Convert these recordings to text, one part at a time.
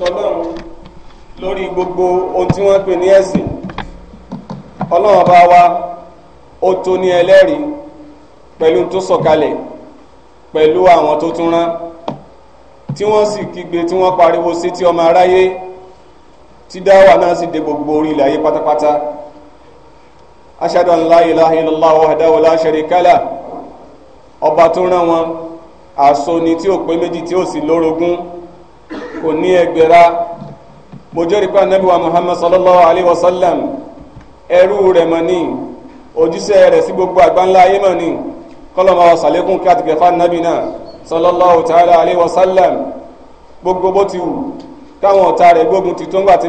tọlọ́run lórí gbogbo ohun tí wọ́n pè ní ẹ̀sìn ọlọ́run bá wa ó tó ní ẹlẹ́rìí pẹ̀lú tó sọ̀kalẹ̀ pẹ̀lú àwọn tó tún rán tí wọ́n sì kígbe tí wọ́n pariwo sí tí ọmọ aráyé tí dáwà náà sì dé gbogbo orí ilẹ̀ ayé pátápátá ashadu an la ilaha illallah wahdahu la sharika lah ọba tó rán wọn àsọni tí ò pé méjì tí ò sì lórogún. kò wa muhammad sallallahu alaihi wasallam sallam ẹrú mọ̀ ní ojúṣe sí gbogbo àgbáńlá ayé mọ̀ ní kọ́lọ́mọ sàlékún kí àtìkẹ́ sallallahu ta'ala alayhi wa gbogbo bó ti ti tó ń gbà ti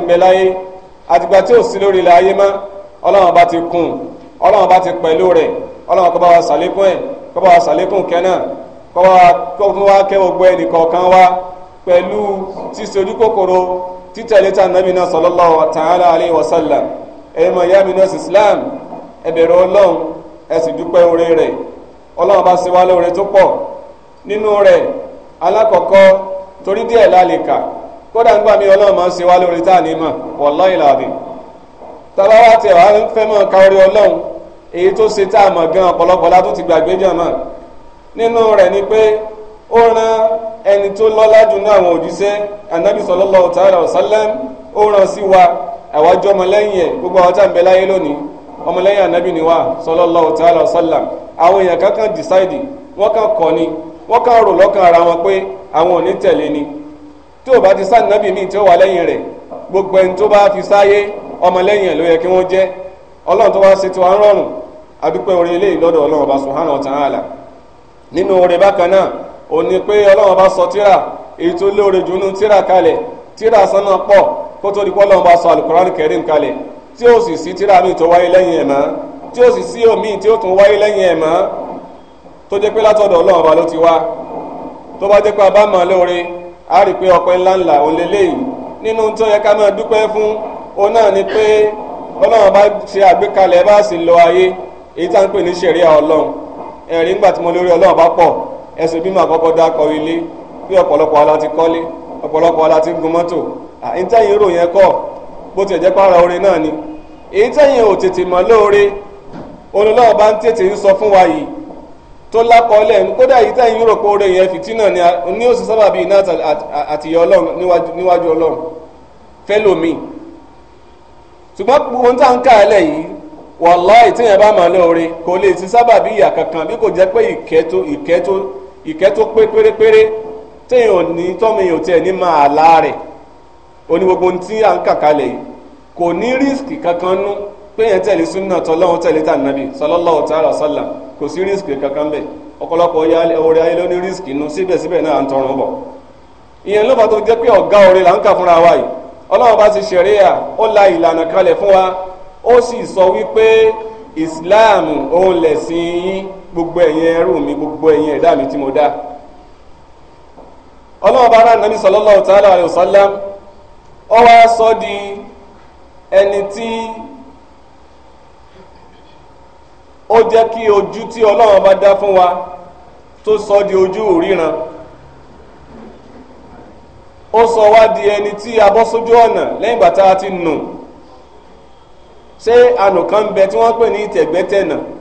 pẹ̀lú sísojú kòkòrò títẹ̀lẹ́tà nàbì náà sallallahu ta'ala alayhi wa sallam islam ẹ̀bẹ̀rẹ̀ ọlọ́run ẹ dúpẹ́ oore rẹ̀ ọlọ́run bá ṣe wá tó pọ̀ nínú rẹ̀ alákọ̀ọ́kọ́ torí díẹ̀ lálẹ́kà kódà nígbà mí ọlọ́run máa ń ṣe tá à ní mọ̀ wá tẹ̀ wá fẹ́ ọlọ́run èyí tó a mọ̀ gan ọ̀pọ̀lọpọ̀ látó ó rán ẹni tó lọ́lá jù náà àwọn òjíṣẹ́ anabi sallallahu ta'ala wa sallam ó rán sí wa àwa jẹ́ ọmọlẹ́yìn ẹ̀ gbogbo àwọn tá à ń bẹ láyé lónìí ọmọlẹ́yìn anabi ni wa sallallahu ta'ala wa sallam àwọn èèyàn kankan decide wọ́n kàn kọ́ ni wọ́n kàn rò lọ́kàn ara wọn pé àwọn ò tẹ̀lé ni bá ti sáà míì tí ó wà lẹ́yìn rẹ̀ gbogbo ẹni tó bá wa ó ní pé ọlọ́run bá sọ tíra èyí tó lóore jù nínú tíra kalẹ̀ tíra sánà pọ̀ kó tó di pé bá sọ alukoran kẹrin kalẹ̀ tí ó sì sí tíra míì tó wáyé lẹ́yìn ẹ̀ tí ó sì sí omi tí ó tún wáyé lẹ́yìn tó ti wá tó bá jẹ́ pé abá mọ̀ lóore á rí i pé ọpẹ́ ńláńlá òun lélẹ́yìn nínú tó yẹ ká máa dúpẹ́ fún òun náà ni pé ọlọ́run bá ṣe àgbékalẹ̀ bá sì lọ ayé èyí tá à ń pè ní ọlọ́run ẹ̀rí ńgbà ẹsùn bímọ àkọ́kọ́ dákọ ilé bí ọ̀pọ̀lọpọ̀ ala ti kọ́lé ọ̀pọ̀lọpọ̀ ala ti ń gun mọ́tò àìntẹ́yìn rò yẹn kọ́ bó ti ẹ̀jẹ̀ pààrọ̀ orin náà ni èyí tẹ́yìn ò tètè mọ̀ lóore olùlọ́wọ́ bá ń tètè ń sọ fún wa yìí tó lákọọ́lẹ̀ kódà èyí tẹ́yìn rò pé orin yẹn fìtínà ni ó sì sábà bíi iná àtìyẹ ọlọ́run níwájú ọlọ́run fẹ́lòmíì ṣùgbọ́n ohun tá à ń kà á lẹ̀ yìí wàláì tẹ́yìn bá mọ̀ lóore kò lè ti sábà bí ìyà kankan bí kò jẹ́ pé ìkẹ́ tó ìkẹ́ tó ìkẹ́ tó pé pérépéré téèyàn ní tọ́mọ èèyàn tiẹ̀ ní máa rẹ̀ gbogbo ohun tí à ń kà kalẹ̀ yìí kò ní rísìkì kankan nú pé tẹ̀lé súnà tọ́lọ́hún tẹ̀lé tànàbì sallallahu kò sí rísìkì kankan bẹ̀ ọ̀pọ̀lọpọ̀ orí ayé ló ní rísìkì nú síbẹ̀síbẹ̀ náà ń tọrùn bọ̀ ìyẹn ló bá tó jẹ́ pé ọ̀gá orí là ń kà fúnra wa yìí ọlọ́run gbogbo ẹ̀yin ẹrú mi gbogbo ẹ̀yin ẹ̀dá mi tí mo dá ọlọ́ọ̀bá ara nàbí sallallahu ta'ala ọ wá sọ di ẹni tí ó jẹ́ kí ojú tí ọlọ́wọ́ bá dá fún wa tó sọ di ojú òríran ó sọ wá di ẹni tí a bọ́ sójú ọ̀nà lẹ́yìn bàtà ti nù ṣé ànù kan ń bẹ tí wọ́n pè ní tẹ̀gbẹ́tẹ̀nà. No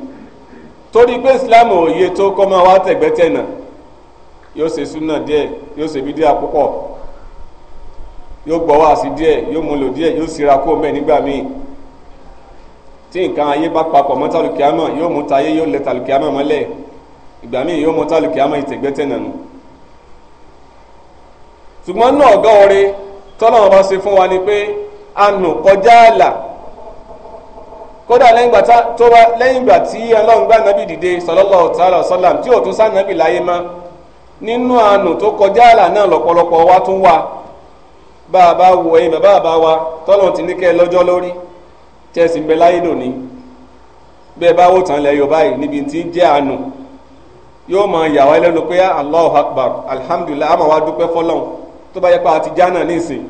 torí pé islam oye to tó kọ́ máa wá tẹ̀gbẹ́tẹ̀nà yóò ṣe súnà díẹ̀ yóò ṣe bí díẹ̀ púpọ̀ yóò gbọ́ wá díẹ̀ yóò múlò díẹ̀ yóò síra kó mẹ́ nígbà míì tí nǹkan ayé bá papọ̀ mọ́ tàlùkìámọ̀ yóò mú tayé yóò lẹ tàlùkìámọ̀ mọ́lẹ̀ ìgbà míì yóò mú tàlùkìámọ̀ ìtẹ̀gbẹ́tẹ̀nà nù ṣùgbọ́n náà ọ̀gá ọ̀rẹ́ kódà lẹ́yìn ìgbà tó wá lẹ́yìn ìgbà tí ọlọ́run gbà nábì dìde sallallahu ta'ala wa sallam tí òtún sá nábì láyé mọ́ nínú àánú tó kọjá àlà náà lọ́pọ̀lọpọ̀ wa tún wà bá a bá wo ẹyin bàbá àbá wa tọ́lọ̀ ti ní kẹ́ ẹ lọ́jọ́ lórí tẹ́ ẹ sì ń bẹ láyé dòní bẹ́ẹ̀ bá wò tán lẹ yorùbá yìí níbi tí ń jẹ́ àánú yóò máa yà wá lẹ́nu pé ah, allahu akbar alhamdulillah àmọ́ wa dúpẹ́ fọlọ́n tó bá yẹ pé a ti já náà nísìn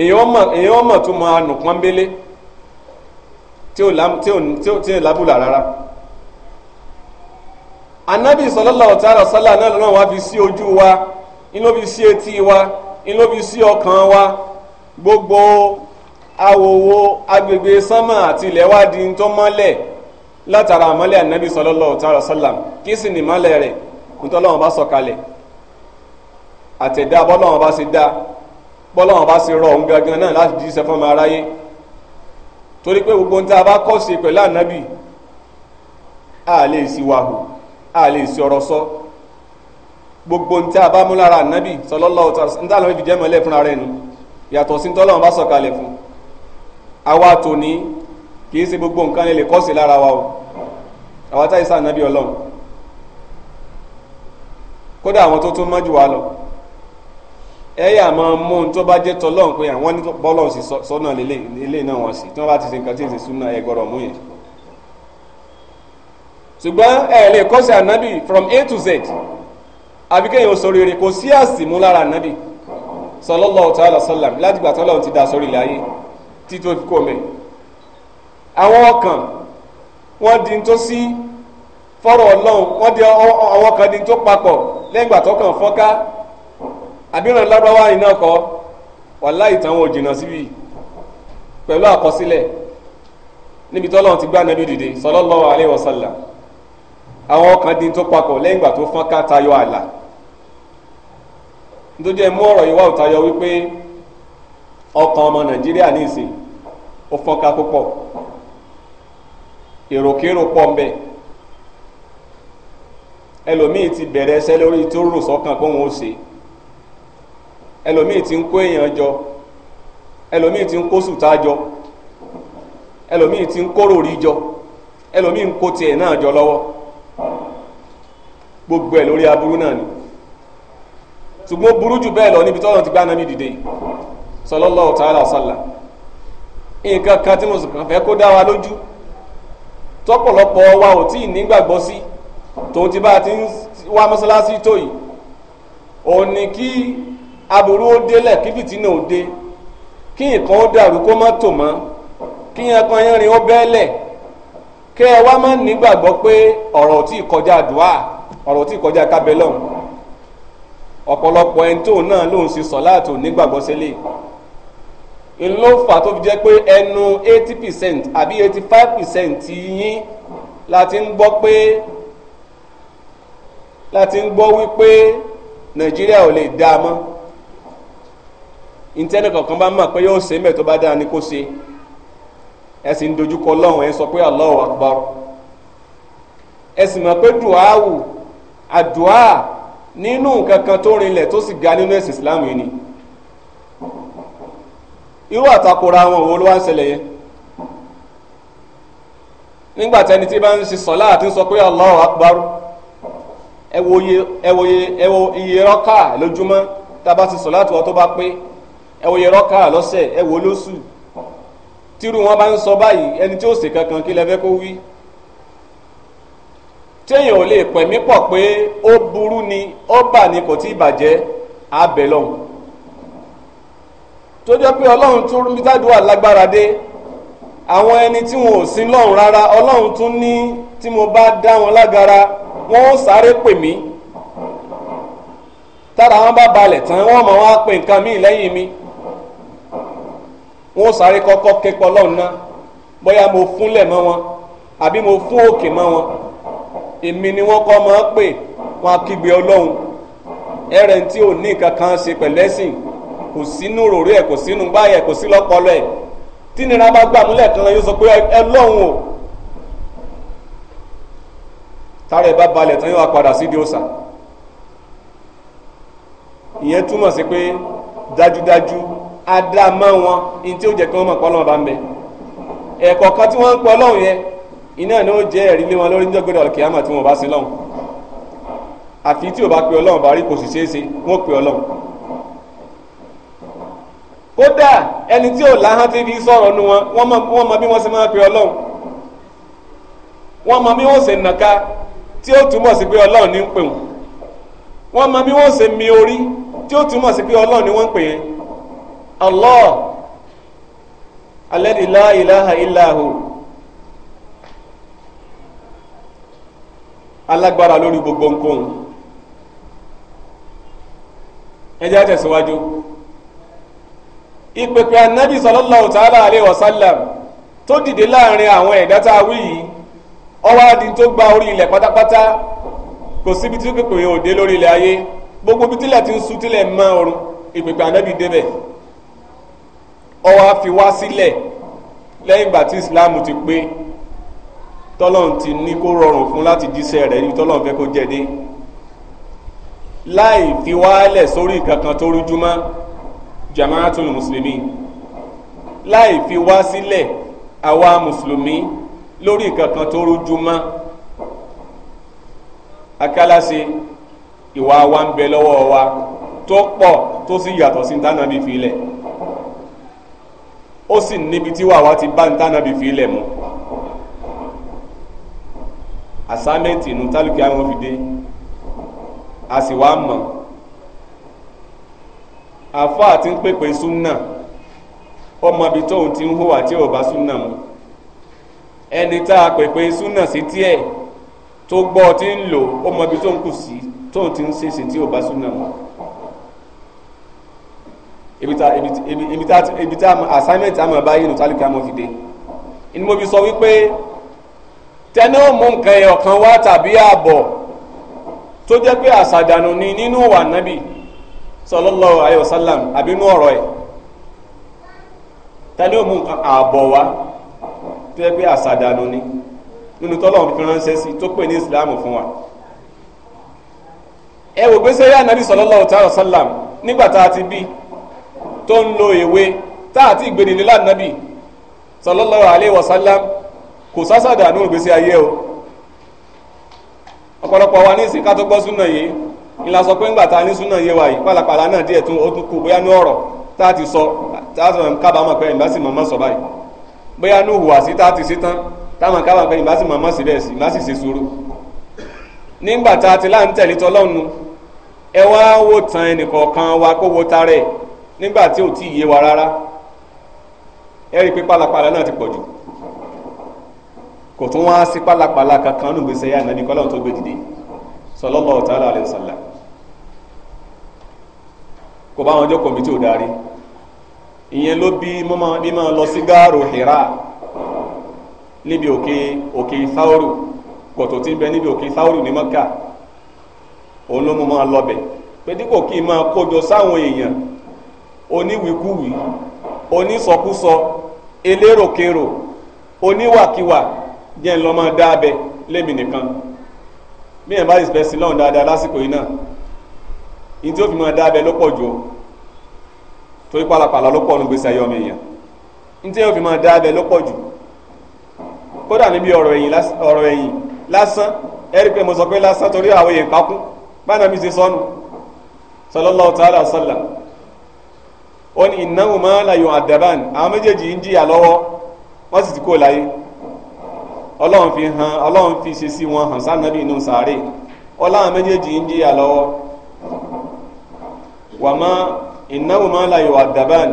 èèyàn mọ̀ tó máa nù pọ́nbélé tí ò lábùlà rárá anabi sallallahu ta'ala sallallahu náà lọ́nà wá fi sí ojú wa inú fi sí etí wa inú fi sí ọkàn wa gbogbo awowo agbègbè sánmà àti ilẹ̀ wa di tó mọ́lẹ̀ látara àmọ́lẹ̀ anabi sallallahu ta'ala sallam kí sì ní mọ́lẹ̀ rẹ̀ nítorí Ọlọ́run bá sọ̀kalẹ̀ àtẹ̀dá bọ́lọ́run bá sì dá bọ́lọ́run bá sì rọ̀ òun gangan náà láti jíṣẹ́ fún ọmọ aráyé torí pé gbogbo a bá kọ́ sí pẹ̀lú ànábì a lè sí wàhù a lè sí ọ̀rọ̀ sọ gbogbo nta bá mú lára ànábì sallallahu ta'ala níta lọ́wọ́ ìdíjẹ́ fúnra rẹ̀ nu yàtọ̀ sí tọ́lọ́run bá sọ̀kalẹ̀ fún tòní kì í ṣe gbogbo nǹkan lè kọ́ sí lára wa o àwa táyì sí ànábì ọlọ́run kódà wa lọ. ẹ̀yà máa mú un tó bá jẹ́ tọ́lọ́run pé àwọn ní bọ́lọ̀ sí sọ́nà ilé náà wọ́n sì tí wọ́n bá ti ṣe nǹkan tí súnà from a to z àbí kéèyàn ó si kò sí àsìmú lára ànábì sallallahu ta'ala láti gbà tọ́lọ́run ti sórí mẹ́. àwọn ọkàn di tó sí fọ́rọ̀ ọlọ́run di àbíràn lábáwá iná kọ wàhálà ìtàn wọn ò jìnnà síbi pẹ̀lú àkọsílẹ̀ níbi ti gbá nàbí dìde sallallahu alaihi wasallam àwọn ọkàn dín tó papọ̀ lẹ́yìn ìgbà tó fọ́n ká tayọ àlà nítorí ẹ mú ọ̀rọ̀ yìí wá òtayọ wípé ọkàn ọmọ nàìjíríà ní ìsìn ó fọ́n ká púpọ̀ èròkérò pọ̀ ń ti bẹ̀rẹ̀ ẹsẹ̀ lórí tó rò sọ́kàn ẹlòmíì ti ń kó èèyàn jọ ẹlòmíì ti ń kó sùtá jọ ẹlòmíì ti ń kó ròrí jọ ẹlòmíì ń kó tiẹ̀ náà jọ lọ́wọ́ gbogbo ẹ̀ lórí aburú náà ni ṣùgbọ́n burú jù bẹ́ẹ̀ lọ níbi tọ́lọ́ ti gbá nàmí dìde sallallahu ta'ala sallam nǹkan kan tí mo sì kàn fẹ́ kó dá wa lójú tọ́pọ̀lọpọ̀ wa ò tí ì nígbàgbọ́ sí tòun ti bá a ti ń wá mọ́sálásí tó yìí òun ni kí aburú ó délẹ̀ kí fìtínà ó dé kí nǹkan ó dàrú kó má tò mọ́ kí ẹ̀kan yẹn rin ó bẹ́ẹ̀lẹ̀ kẹ́ ẹ wá má nígbàgbọ́ pé ọ̀rọ̀ tí kọjá dùá ọ̀rọ̀ tí kọjá kábẹ́lọ̀ ọ̀pọ̀lọpọ̀ ẹni tóun náà lòun sì sọ láàtò nígbàgbọ́ sílẹ̀ ló fà tó fi jẹ́ pé ẹnu eighty percent àbí eighty five percent yín la ti ń gbọ́ pé la ti ń gbọ́ wípé Nàìjíríà ò lè dá mọ́ ntẹ́nì kankan bá mọ̀ pé yóò ṣe mẹ́ẹ̀ tó bá dáa ni kó ṣe ẹ dojúkọ lọ́hùn ẹ sọ pé Allahu Akbar ẹ sì mọ̀ pé dùáwù àdùá nínú nǹkan tó rinlẹ̀ tó sì ga nínú ẹ̀sìn Islam yìí ni irú àtakora wọn wo ló wá ń ṣẹlẹ̀ yẹn nígbà tí ẹni tí bá ń ṣe sọ̀lá àti ń sọ pé Allahu Akbar ẹ wo iye ẹ wo iye ẹ wo iye tá a bá ti sọ̀lá àti tó bá pé. ẹ wòye rọ́kà lọ́sẹ̀ ẹ lóṣù tírú wọn bá ń sọ báyìí ẹni tí ó kankan kí lẹ́fẹ́ kó wí téèyàn ò lè pẹ̀mí pọ̀ pé ó burú ni ó bà ní kò tí ì bàjẹ́ abẹ́ lọ́hùn tó jẹ́ pé ọlọ́run tún àwọn ẹni tí wọn ò sí lọ́hùn rárá ọlọ́run tún ní tí mo bá dá wọn sáré pè mí tára wọn bá wọn mọ̀ wọn á pè nǹkan míì wọn sáré kọ́kọ́ képọ̀ lọ́hùn náà bóyá mo fúnlẹ̀ mọ́ wọn àbí mo fún òkè mọ́ wọn èmi ni wọ́n kọ́ máa pè wọn akígbe ọlọ́hun ẹrẹ̀ tí ò ní nǹkan ṣe pẹ̀lẹ́sìn kò sínú ròrí ẹ̀ kò sínú báyẹ̀ kò sí lọ́pọlọ ẹ̀ tí nira bá gbà múlẹ̀ kan yóò sọ pé "ẹ ọlọ́hun o tára bá balẹ̀ tán yóò wá padà sídìí òòsà ìyẹn túmọ̀ sí pé dájúdájú adama wọn ní tí ó kí wọ́n mọ̀ pé ọlọ́run bá ń bẹ ẹ̀kọ́ kan tí ń yẹn iná ni ó jẹ́ ẹ̀rí lé wọn lórí níjọ́gbẹ́dọ̀ ọ̀kìyàmọ̀ tí wọ́n bá sí lọ́hùn àfi tí o bá pe ọlọ́run bá rí kò sì ṣeé ṣe wọ́n pe ọlọ́run kódà ẹni tí ò láhán ti fi nu wọn wọ́n mọ bí wọ́n ṣe máa pe ọlọ́run wọ́n mọ bí wọ́n ṣe nàka tí ó túmọ̀ sí pé ọlọ́run ní ń pè wọn Allah alladhi la ilaha illa hu alágbára lórí gbogbo nǹkan ẹ jẹ́ tẹ̀síwájú ìpèpè anabi sallallahu ta'ala alayhi wa tó dìde láàrin àwọn ẹ̀dá tá a wí yìí ọwọ́ adi tó gba orí ilẹ̀ pátápátá kò síbi tí gbogbo bí tílẹ̀ ti ń sú tílẹ̀ mọ́ ìpèpè ọwọ́ á fi wá sílẹ̀ lẹ́yìn ìgbà tí islam ti pé tọ́lọ́n ti ní kó rọrùn fún láti jíṣẹ́ rẹ̀ ní tọ́lọ́n fẹ́ kó jẹ́dé láì fi wálẹ̀ sórí kankan tó rújúmọ́ jamaatul mùsùlùmí láì fi wá sílẹ̀ àwa mùsùlùmí lórí kankan tó rújúmọ́ akálàṣe ìwà wa ń bẹ lọ́wọ́ wa tó pọ̀ tó sì yàtọ̀ sí tánàbí filẹ̀ ó sì níbi tí wàá wá ti bá ń tánà bí fi ilẹ̀ mu asámẹ́ǹtì inú tálùkì àwọn fi dé a sì wá mọ̀ àfáà ti ń pèpè súnà ọmọbi tóun ti ń hùwà tí ò bá súnà mu ẹni tá a pèpè súnà sí tiẹ̀ tó gbọ́ ti ń lò ọmọbi tóun kù sí tóun ti ń ṣèṣe tí ò súnà mu ibi tá assignment àmọ̀ báyìí nù tálíkà mọ́ fi dé inú mo fi sọ wípé tẹ́ni ó mú nǹkan ẹ̀ ọ̀kan wá tàbí ààbọ̀ tó jẹ́ pé àṣàdànù ni nínú wà nábì sallallahu alayhi wa sallam àbí inú ọ̀rọ̀ ẹ̀ tẹ́ni ó mú nǹkan ààbọ̀ wá tó jẹ́ pé àṣàdànù ni nínú tọ́lọ́run fi ránṣẹ́ sí tó pè ní ìsìláàmù fún wa ẹ wò gbèsè yá nábì sallallahu alayhi wa sallam nígbà tá a ti bí tó ń lo èwe tá ìgbénilé lánàbì sallallahu alayhi kò sásàdà ní ògbésí ayé o ọ̀pọ̀lọpọ̀ wa ní ìsìn ká tó gbọ́ súnà yìí pé ńgbà ta ní wa pàlàpàlà náà díẹ̀ tún ó tún kú bóyá ní ọ̀rọ̀ sọ tá a kábàámọ̀ pé ìgbà sọ báyìí bóyá ní sí a sí tán kábàámọ̀ pé sí bẹ́ẹ̀ sí nígbà ti wa kó wo tarẹ̀ nígbà tí ò tí ì yé wa rárá ẹ rí i pé pálapàla náà ti pọ̀ jù kò tún wá sí pálapàla kankan nù gbèsè yá nàbí kọ́lọ́n tó gbé dìde sallallahu ta'ala alaihi wasallam kò bá wọn jọ kọ̀mítì ò darí ìyẹn ló bí mímọ lọ sí gáàrò Hira níbi òkè òkè sáórù kòtò tí ń bẹ níbi òkè ní Mọ́kà òun ló lọ bẹ̀ pé dípò kí n máa kójọ sáwọn oníwìkúwì onísọkúsọ eléròkèrò oníwàkiwà jẹ́ ń lọ́mọ dáabẹ lémi nìkan bí ẹ̀ bá lè fẹ́ sí lọ́hùn dáadáa lásìkò yìí náà tí ó fi máa dáabẹ ló pọ̀ jù ó torí pàlàpàlà ló pọ̀ nù gbèsè ayé ọmọ èèyàn fi dáabẹ ló pọ̀ jù kódà níbi ọ̀rọ̀ ẹ̀yìn lásán ẹ̀rí pé mo sọ pé lásán torí àwọn èèyàn kákún báyìí náà mi ti ó ní innahuma la yu'addaban àwọn méjèèjì ń jìyà lọ́wọ́ wọ́n sì ti kó láyé ọlọ́run fi hàn ọlọ́run fi ṣe sí wọn hàn sànàbí inú sàárè ọláwọn méjèèjì ń jìyà lọ́wọ́ wàmọ́ innahuma la yu'addaban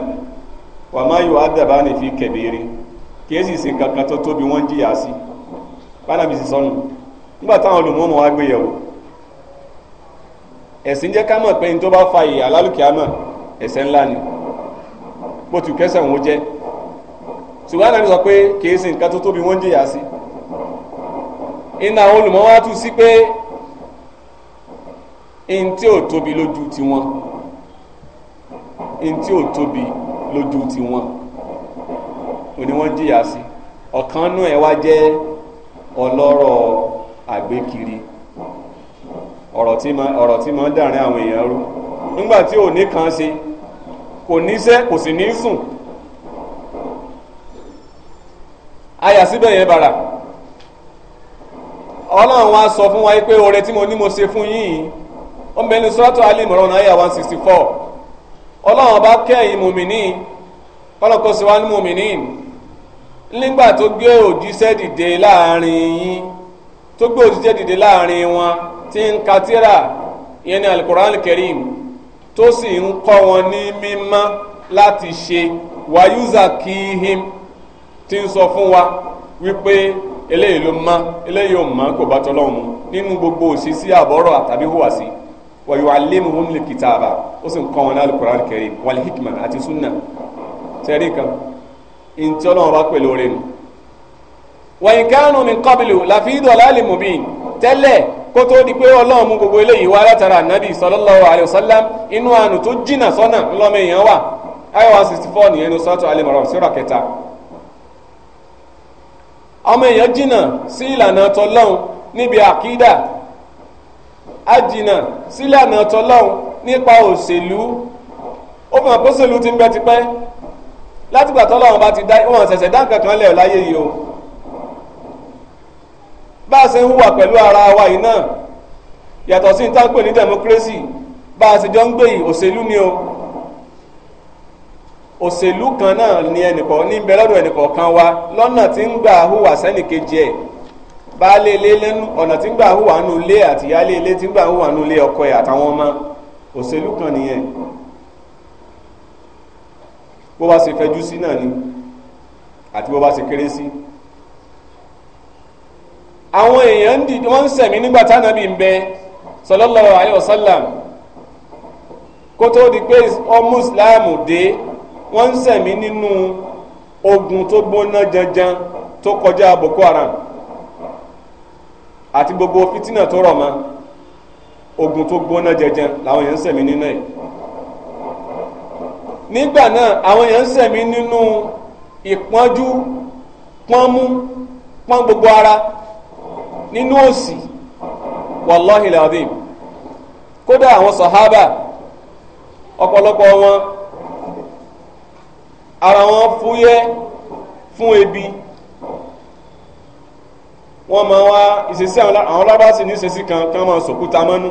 wàmọ́ yu'addaban fi kabiri kì í sì ṣe kankan tó tóbi wọ́n jìyà sí bánàbí sì sọnù nígbà táwọn olùmọ́mọ́ gbé yẹ̀wò ẹ̀sìn jẹ́ ká mọ̀ bó ti kẹsàn òun jẹ́ ṣùgbọ́n àná sọ pé kìí sin nǹkan tó tóbi wọ́n ń jìyà sí iná àwọn wá o sí pé ti ò tóbi lójú tiwọn ntí ò tóbi lójú tiwọn òní wọ́n jìyà sí ọ̀kan nú ẹ̀ wá jẹ́ ọlọ́rọ̀ àgbékiri ọ̀rọ̀ tí kan ṣe. kò ní sẹ́ kò sì ní sùn aya síbẹ̀ yẹn bàrà ọlọ́run wa sọ fún wa pé oore tí mo ní mo ṣe fún yín ó ń bẹ sọ́tọ̀ alẹ́ ìmọ̀ràn náà àyà one sixty four ọlọ́run bá kẹ́yìn mùmíní kọ́lọ́kọ́ sí wa ní mùmíní nígbà tó gbé òjíṣẹ́ dìde láàrin yín tó gbé òjíṣẹ́ dìde láàrin wọn tí ń ka tírà ìyẹn ní alukoran kẹrim tó sì ń kọ́ wọn ní mímọ́ láti ṣe wayuza kihim tí ń sọ fún wa wípé eléyìí ló mọ́ eléyìí ò kò bá nínú gbogbo òṣìṣí àbọ̀rọ̀ àtàbí hùwàsí wa yuallimuhum likitaba ó sì ń kọ́ wọn ní al-Qur'an al ati àti sunna tẹ́rí kan ntí ọlọ́run bá pè lóore nù. wa in kanu min qablu tẹ́lẹ̀ kótó di pé ọlọ́run mú gbogbo eléyìí wá látara ànábì sallallahu alayhi inu anu inú àánú tó jìnnà sọ́nà ńlọ́mọ èèyàn wà ayé sixty four nìyẹn sọ́tọ̀ síra kẹta ọmọ èèyàn jìnnà sí ìlànà tọlọ́run níbi àkídà àjìnnà sí ìlànà tọlọ́run nípa ti ń bẹ tipẹ́ látìgbà tọ́lọ́run bá ti dá ṣẹ̀ṣẹ̀ dá nǹkan kan lẹ̀ bá a ṣe ń hùwà pẹ̀lú ara wa yìí náà yàtọ̀ sí ní táǹpẹ̀ ní democracy bá a ṣe jọ ń gbé òṣèlú ni o òṣèlú kan náà ni ẹnìkọ̀ ní bẹ lọ́dọ̀ ẹnìkọ̀ọ̀kan wa lọ́nà tí ń gbà hùwà sẹ́nìkejì ẹ̀ baálé ilé lẹ́nu ọ̀nà tí ń gbà hùwà nù ilé àti ìyáálé ilé tí ń gbà hùwà nù ilé ọkọ ẹ̀ àtàwọn ọmọ òṣèlú kan nìyẹn bó bá ṣe fẹjú sí náà ni àti bó bá ṣe kéré sí. àwọn èèyàn ń dìde wọ́n ń sẹ̀mí nígbà ń bẹ sallallahu alayhi wa sallam kó tó di pé ọmú islam dé wọ́n ń sẹ̀mí nínú ogun tó gbóná janjan tó kọjá boko haram àti gbogbo fitina tó rọ̀ mọ́ ogun tó gbóná janjan làwọn èèyàn ń sẹ̀mí nínú ẹ̀ nígbà náà àwọn èèyàn ń sẹ̀mí nínú ìpọ́njú pọ́nmú pọ́n gbogbo ara nínú òsì wàláhì làdìm kódà àwọn sàhábà ọ̀pọ̀lọpọ̀ wọn ara wọn fúyẹ́ fún ebi wọ́n máa wá ìṣesí àwọn lábásí ní ìṣesí kan kí wọ́n máa sòkúta mọ́nú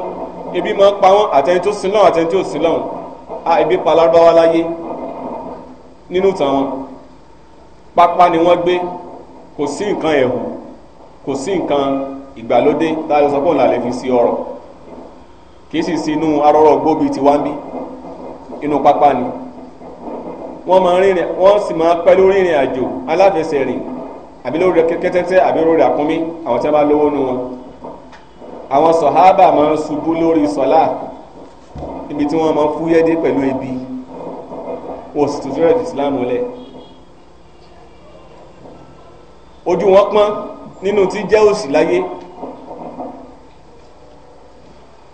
ebi máa ń pa wọ́n àtẹni tó sin lọ́wọ́ àtẹni tó sin lọ́wọ́ a ebi pa lárúbáwá láyé nínú tàn wọn pápá ni wọ́n gbé kò sí nǹkan ẹ̀hùn kò sí nǹkan ìgbàlódé táyọ sọ pé òun làlẹ́ fi sí ọ̀rọ̀ kì í sì sí inú arọ́rọ́ gbóbi ti wá ń bí inú pápá ni wọ́n máa rìnrìn wọ́n sì máa pẹ́ lórí ìrìn àjò aláfẹsẹ̀ rìn àbí lórí kẹ́tẹ́tẹ́ àbí lórí àkúnmí àwọn tí wọ́n bá lówó nu wọn àwọn sọ̀hábà máa ń ṣubú lórí sọ̀lá níbi tí wọ́n máa ń dé pẹ̀lú ebi wọ́n sì tún fẹ́rẹ̀ ìsìlámù lẹ̀ ojú wọn pọ́n nínú tí jẹ́ òsì láyé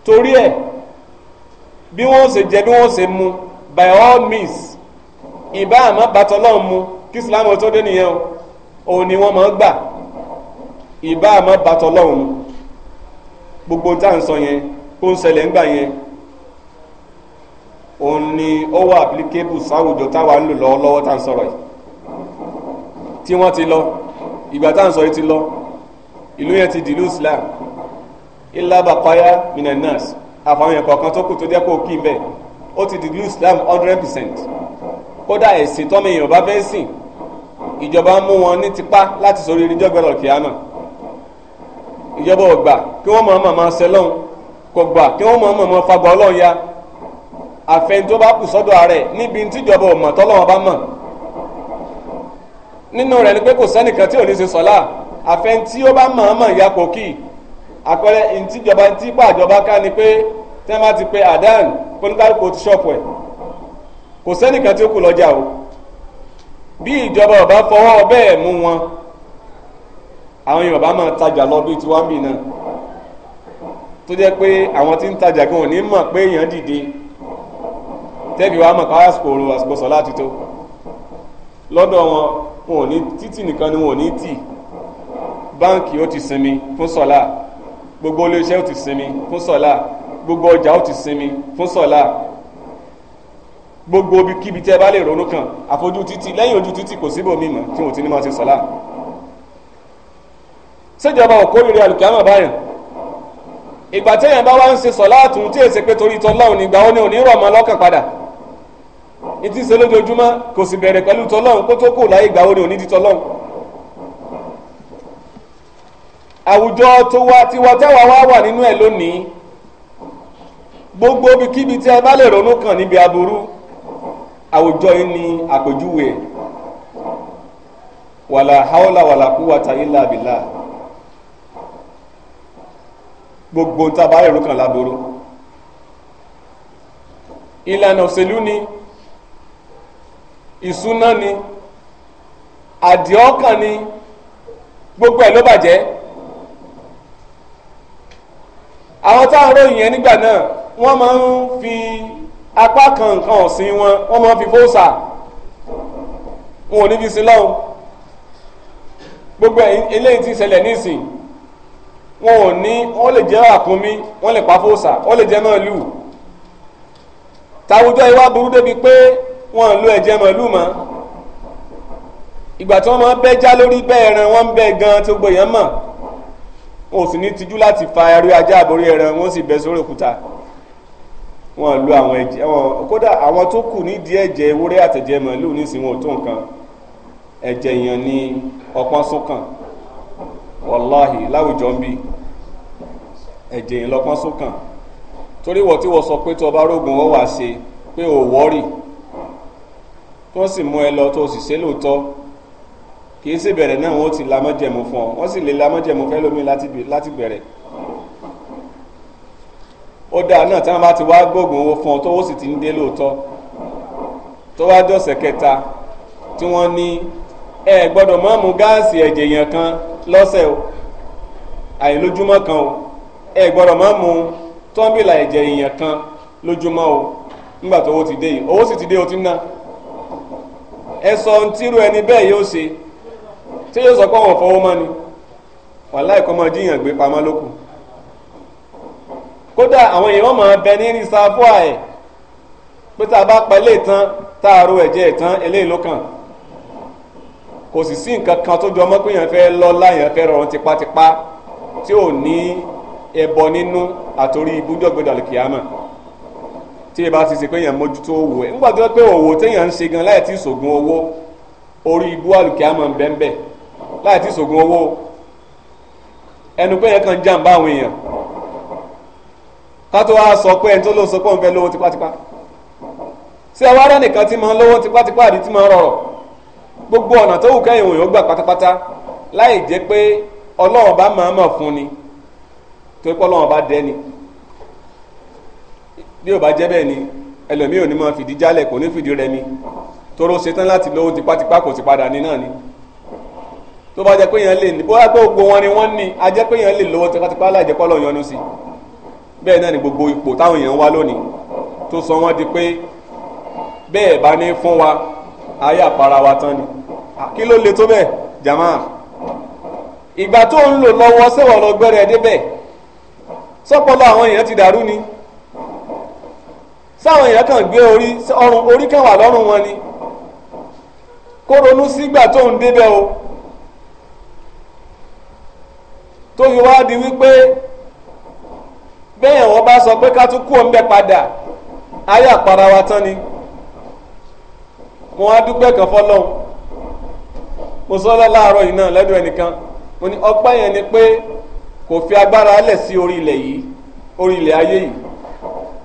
torí ẹ̀ bí wọ́n ṣe jẹ bí wọ́n ṣe mu by all means ìbá àmọ́ batọ́lọ́ọ̀ mu kí Islam tó dé nìyẹn o ni wọ́n máa gbà ìbá àmọ́ batọ́lọ́ọ̀ mu gbogbo tá à ń sọ yẹn kó ń ṣẹlẹ̀ ń gbà yẹn òun ni ó wà applicable sáwùjọ táwa ń lò lọ́wọ́lọ́wọ́ tá à ń sọ̀rọ̀ yìí tí wọ́n ti lọ ìgbà tá à ń sọ yìí ti lọ ìlú yẹn ti dìlú islam illa baqaya minan nas àfàwọn yẹn kọ̀ọ̀kan tó kù tó jẹ́ pé kí n bẹ̀ ó ti dìlú islam hundred percent kódà ẹ̀sìn tọ́mọ èèyàn bá fẹ́ sìn ìjọba mú wọn ní tipá láti sọ rere jọ́gbẹ́ lọ kíámà ìjọba ò kí wọ́n mọ̀ọ́mọ̀ máa ṣe lọ́hùn kò gbà kí wọ́n mọ̀ọ́mọ̀ máa fagbọ́ ọlọ́run ya àfẹn tó bá kù sọ́dọ̀ ààrẹ níbi tíjọba ò tọ́lọ́wọ́n bá mọ̀ nínú rẹ̀ ni pé kò sẹ́nìkan tí ò ní ṣe sọ́lá àfẹn tí ó bá mọ̀ọ́mọ̀ ìyapò kì í àpẹẹrẹ ìtìjọba tí ipa àjọba ká ni pé tẹ́ bá ti pe àdán kóníkàlùkù ti ṣọ́ọ̀pù ẹ̀ kò sẹ́nìkan tí ó kù lọ́jà o bí ìjọba ọba fọwọ́ bẹ́ẹ̀ mú wọn àwọn yorùbá máa tajà lọ bíi tiwa mí náà tó jẹ́ pé àwọn tí ń tajà kí wọ́n ní mọ̀ pé èèyàn dìde tẹ́bi wa mọ̀ káwá àsìkò àsìkò sọ̀ láti lọ́dọ̀ wọn wọn ò ní títì nìkan ni wọn ò ní tì báǹkì ó ti sinmi fún sọ́lá gbogbo iléeṣẹ́ ó ti sinmi fún sọ́lá gbogbo ọjà ó ti sinmi fún sọ́lá gbogbo ibikíbi tẹ́ bá lè ronú kan àfojú títì lẹ́yìn ojú títì kò síbòmí mọ́ tí wọn ò ti ní máa ṣe sọ́lá ṣèjọba òkórìíra alùkìámọ̀ báyìí ìgbà téèyàn bá wá ń ṣe sọ̀láàtún tí èsè pé torí tọ́lá òní ìgbà ó ní òní rọ̀ mọ́ lọ́kàn padà ní ti ń ṣe lójoojúmọ́ kò sì bẹ̀rẹ̀ pẹ̀lú tọlọ́hún kó tó kù láyé ìgbà wo ni òní àwùjọ tó wá tiwa táwa wá wà nínú ẹ̀ lónìí gbogbo ibikíbi tí ẹ bá lè ronú kàn níbi aburú àwùjọ yìí ni àpèjúwe wàlà haúlà wàlà kúwàtà ilà bìlà gbogbo tá a bá lè ronú kàn láburú ìlànà òṣèlú ni. ìsúná ni àdìọ́kàn ni gbogbo ẹ̀ ló bàjẹ́ àwọn táwọn ròyìn yẹn nígbà náà wọ́n máa ń fi apá kan nǹkan ọ̀sìn wọn wọ́n máa ń fi fóòsà wọn ò ní fi sin lọ́hùn gbogbo eléyìí ti ṣẹlẹ̀ nísìn wọn ò ní wọ́n lè jẹ́ àkúnmí wọ́n lè pa fóòsà wọ́n lè jẹ́ náà lù tàwùjọ ìwà burú débi pé wọn lo ẹ̀jẹ̀ màlúù mọ́ ìgbà tí wọ́n máa bẹ́ já lórí bẹ́ẹ̀ ẹran wọ́n ń bẹ́ gan tó gbọ́ yẹn mọ̀ wọn ò sì ní tijú láti fa ẹrú ajá àbórí ẹran wọn sì bẹ́ sórí òkúta wọn lo àwọn ẹ̀jẹ̀ wọn kódà àwọn tó kù nídìí ẹ̀jẹ̀ ewúrẹ́ àtẹ̀jẹ̀ màlúù nísìnyí wọn ò tó nǹkan ẹ̀jẹ̀ èèyàn ní ọpọ́n sókàn wàláhì láwùjọ ń bì ẹ̀jẹ̀ èèyàn lọ́pọ́n sókàn torí wọ́n tí wọ́n sọ pé tí ọba rógun wọ́n wá ṣe pé ò wọ́rì wọ́n sì mú ẹ lọ tó sì ṣe lóòótọ́ kì í sì bẹ̀rẹ̀ náà wọ́n ti la májẹ̀mú fún ọ wọ́n sì lè la májẹ̀mú fẹ́ lómi láti bẹ̀rẹ̀ ó dáa náà tí wọ́n bá ti wá gbóògùn owó fún ọ tó ó sì ti ń dé lóòótọ́ tó wá dọ̀sẹ̀ kẹta tí wọ́n ní ẹ gbọ́dọ̀ má mu gáàsì ẹ̀jẹ̀ yẹn kan lọ́sẹ̀ o àìlójúmọ́ kan o ẹ gbọ́dọ̀ má mu tọ́ḿbìlà ẹ̀jẹ̀ yẹn kan lójúmọ́ o nígbà tó owó ti dé yìí owó sì ti dé o ti ń ná ẹ t'iru eni bee irú ẹni bẹ́ẹ̀ yóò ṣe tí yóò sọ pé fọwọ́ mọ́ ni wàláì kọ́ máa jíyàn gbé pamọ́ lókù kódà àwọn èèyàn máa bẹ ní rìsáfù àẹ̀ pé tá a bá pẹ́lẹ́ tán tá a ro ẹ̀jẹ̀ tán eléyìí ló kàn kò sì sí nǹkan kan tó pé èèyàn fẹ́ lọ láyàn fẹ́ rọrùn tipátipá tí ò ní ẹbọ nínú àtòrí ibùdó gbẹdọ̀ kìámà. tí ẹ bá ti ṣe pé èèyàn mójútó òwò ẹ̀ nígbà tó yẹ pé òwò téèyàn ń ṣe gan láì tí ì owó orí ibú àlùkìá mọ̀ bẹ́ńbẹ́ láì tí ì owó ẹnu pé yẹn kàn jàǹbá àwọn èèyàn ká tó wá sọ pé ẹni tó ló sọ pé òun fẹ́ lówó tipátipá ti ẹ wá rẹ́ nìkan tí máa ń lówó tipátipá àbí tí máa ń gbogbo ọ̀nà tó wù kẹ́yìn gbà pátápátá ni bí ò bá jẹ́ bẹ́ẹ̀ ni ẹlòmíì ò ní máa fìdí jálẹ̀ kò ní fìdí rẹmi tóró ṣetán láti lówó tipátipá kò sì padà ní náà ni tó bá jẹ́ pé èèyàn lè ní bó wá pé gbogbo wọn ni wọ́n ní a jẹ́ pé èèyàn lè lówó tipátipá láì jẹ́ kọ́ lọ́ọ́ yọnu sí bẹ́ẹ̀ náà ni gbogbo ipò táwọn èèyàn wá lónìí tó sọ wọ́n di pé bẹ́ẹ̀ bá ní fún wa ayé àpara wa tán ni kí ló le tó bẹ́ẹ̀ jàmáà ìgbà tó ń lò lọ́wọ́ sẹ́wọ̀n lọ gbẹ́rẹ́ débẹ̀ sọ́pọ̀lọ́ àwọn èèyàn ti dàrú ni. táwọn èèyàn kàn gbé orí ọrùn orí kan wà lọ́rùn wọn ni kó ronú sígbà tó ń débẹ̀ o tó fi wá di wípé bẹ́ẹ̀ wọ́n bá sọ pé ká tún kú òun padà ayé wa tán ni mo wá dúpẹ́ kan fọlọ́hún mo sọ láàárọ̀ yìí náà ẹnìkan mo ní yẹn ni pé kò fi agbára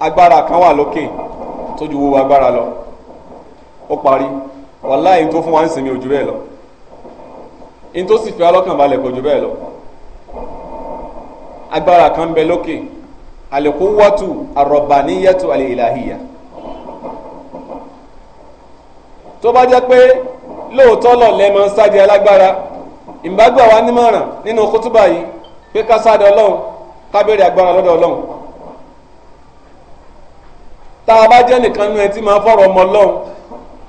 agbára kan wà lókè tó ju wo agbára lọ ó parí wàláì tó fún wa ń sinmi ojú bẹ́ẹ̀ lọ in tó sì fi alọ́kàn balẹ̀ kò ju bẹ́ẹ̀ lọ agbára kan bẹ lókè alikuwatu arọbaniyatu alilahiya tó bá jẹ́ pé lóòótọ́ lọ lẹ́mọ̀ sáde alágbára ìbágbà wa nímọ̀ràn nínú kútúbà yìí pé ká sáde ọlọ́run ká béèrè agbára lọ́dọ̀ ọlọ́run tá a bá jẹ́ nìkan nínú ẹ tí máa fọ̀rọ̀ ọmọ lọ́hùn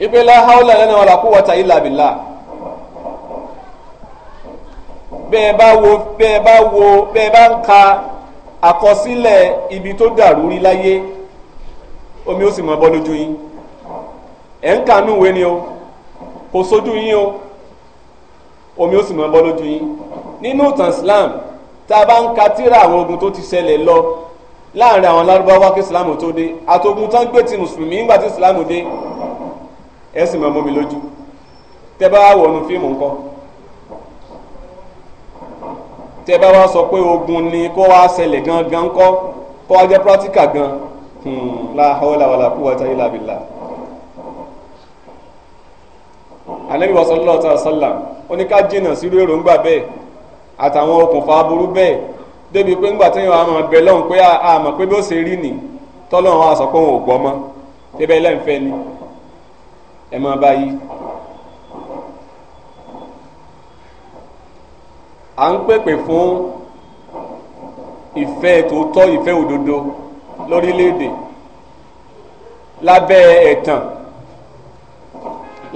ipe la haula lana wala quwwata illa billah bẹ́ẹ̀ bá wo bẹ́ẹ̀ bá wo bẹ́ẹ̀ bá ń ka àkọsílẹ̀ ibi tó dàrú rí láyé omi ó sì mọ́ bọ́ lójú yín ẹ̀ ń kànú ìwé ni o kò sójú yín o omi ó sì mọ́ bọ́ lójú yín nínú ìtàn Islam tá a bá ń ka tírà àwọn ogun tó ti ṣẹlẹ̀ lọ láàrin àwọn lárúbáwá kí islam tó dé àtògùn tán gbé ti mùsùlùmí ńgbà tí islam dé ẹ sì mọ̀ mọ́ mi lójú tẹ́ bá wọnú fíìmù ńkọ́ tẹ́ bá wá sọ pé ogun ni kó wá ṣẹlẹ̀ gangan ńkọ́ kó wá jẹ́ practical gan hmm, la hawla wala quwwata illa billah. Ànábì sallallahu alaihi wasallam ó ní ká jìnnà sírú èròǹgbà bẹ́ẹ̀ àtàwọn okùnfà aburú bẹ́ẹ̀ débi pé ńgbà téèyàn àmọ̀ bẹ lọ́hùn pé àmọ̀ pé bí ó ṣe rí ni tọ́lọ́hùn á sọ pé òun ò gbọ́ mọ́ tẹ́bẹ̀ lẹ́ǹfẹ́ ni ẹ máa bá yí. à ń pèpè fún ìfẹ́ tòótọ́ ìfẹ́ òdodo lórílẹ̀‐èdè lábẹ́ ẹ̀tàn